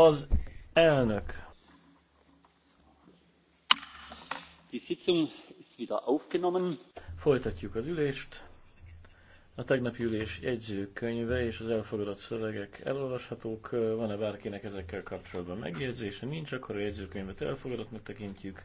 az elnök. Die Sitzung ist wieder aufgenommen. Folytatjuk az ülést. A tegnapi ülés jegyzőkönyve és az elfogadott szövegek elolvashatók. Van-e bárkinek ezekkel kapcsolatban megjegyzése? Nincs, akkor a jegyzőkönyvet elfogadottnak tekintjük.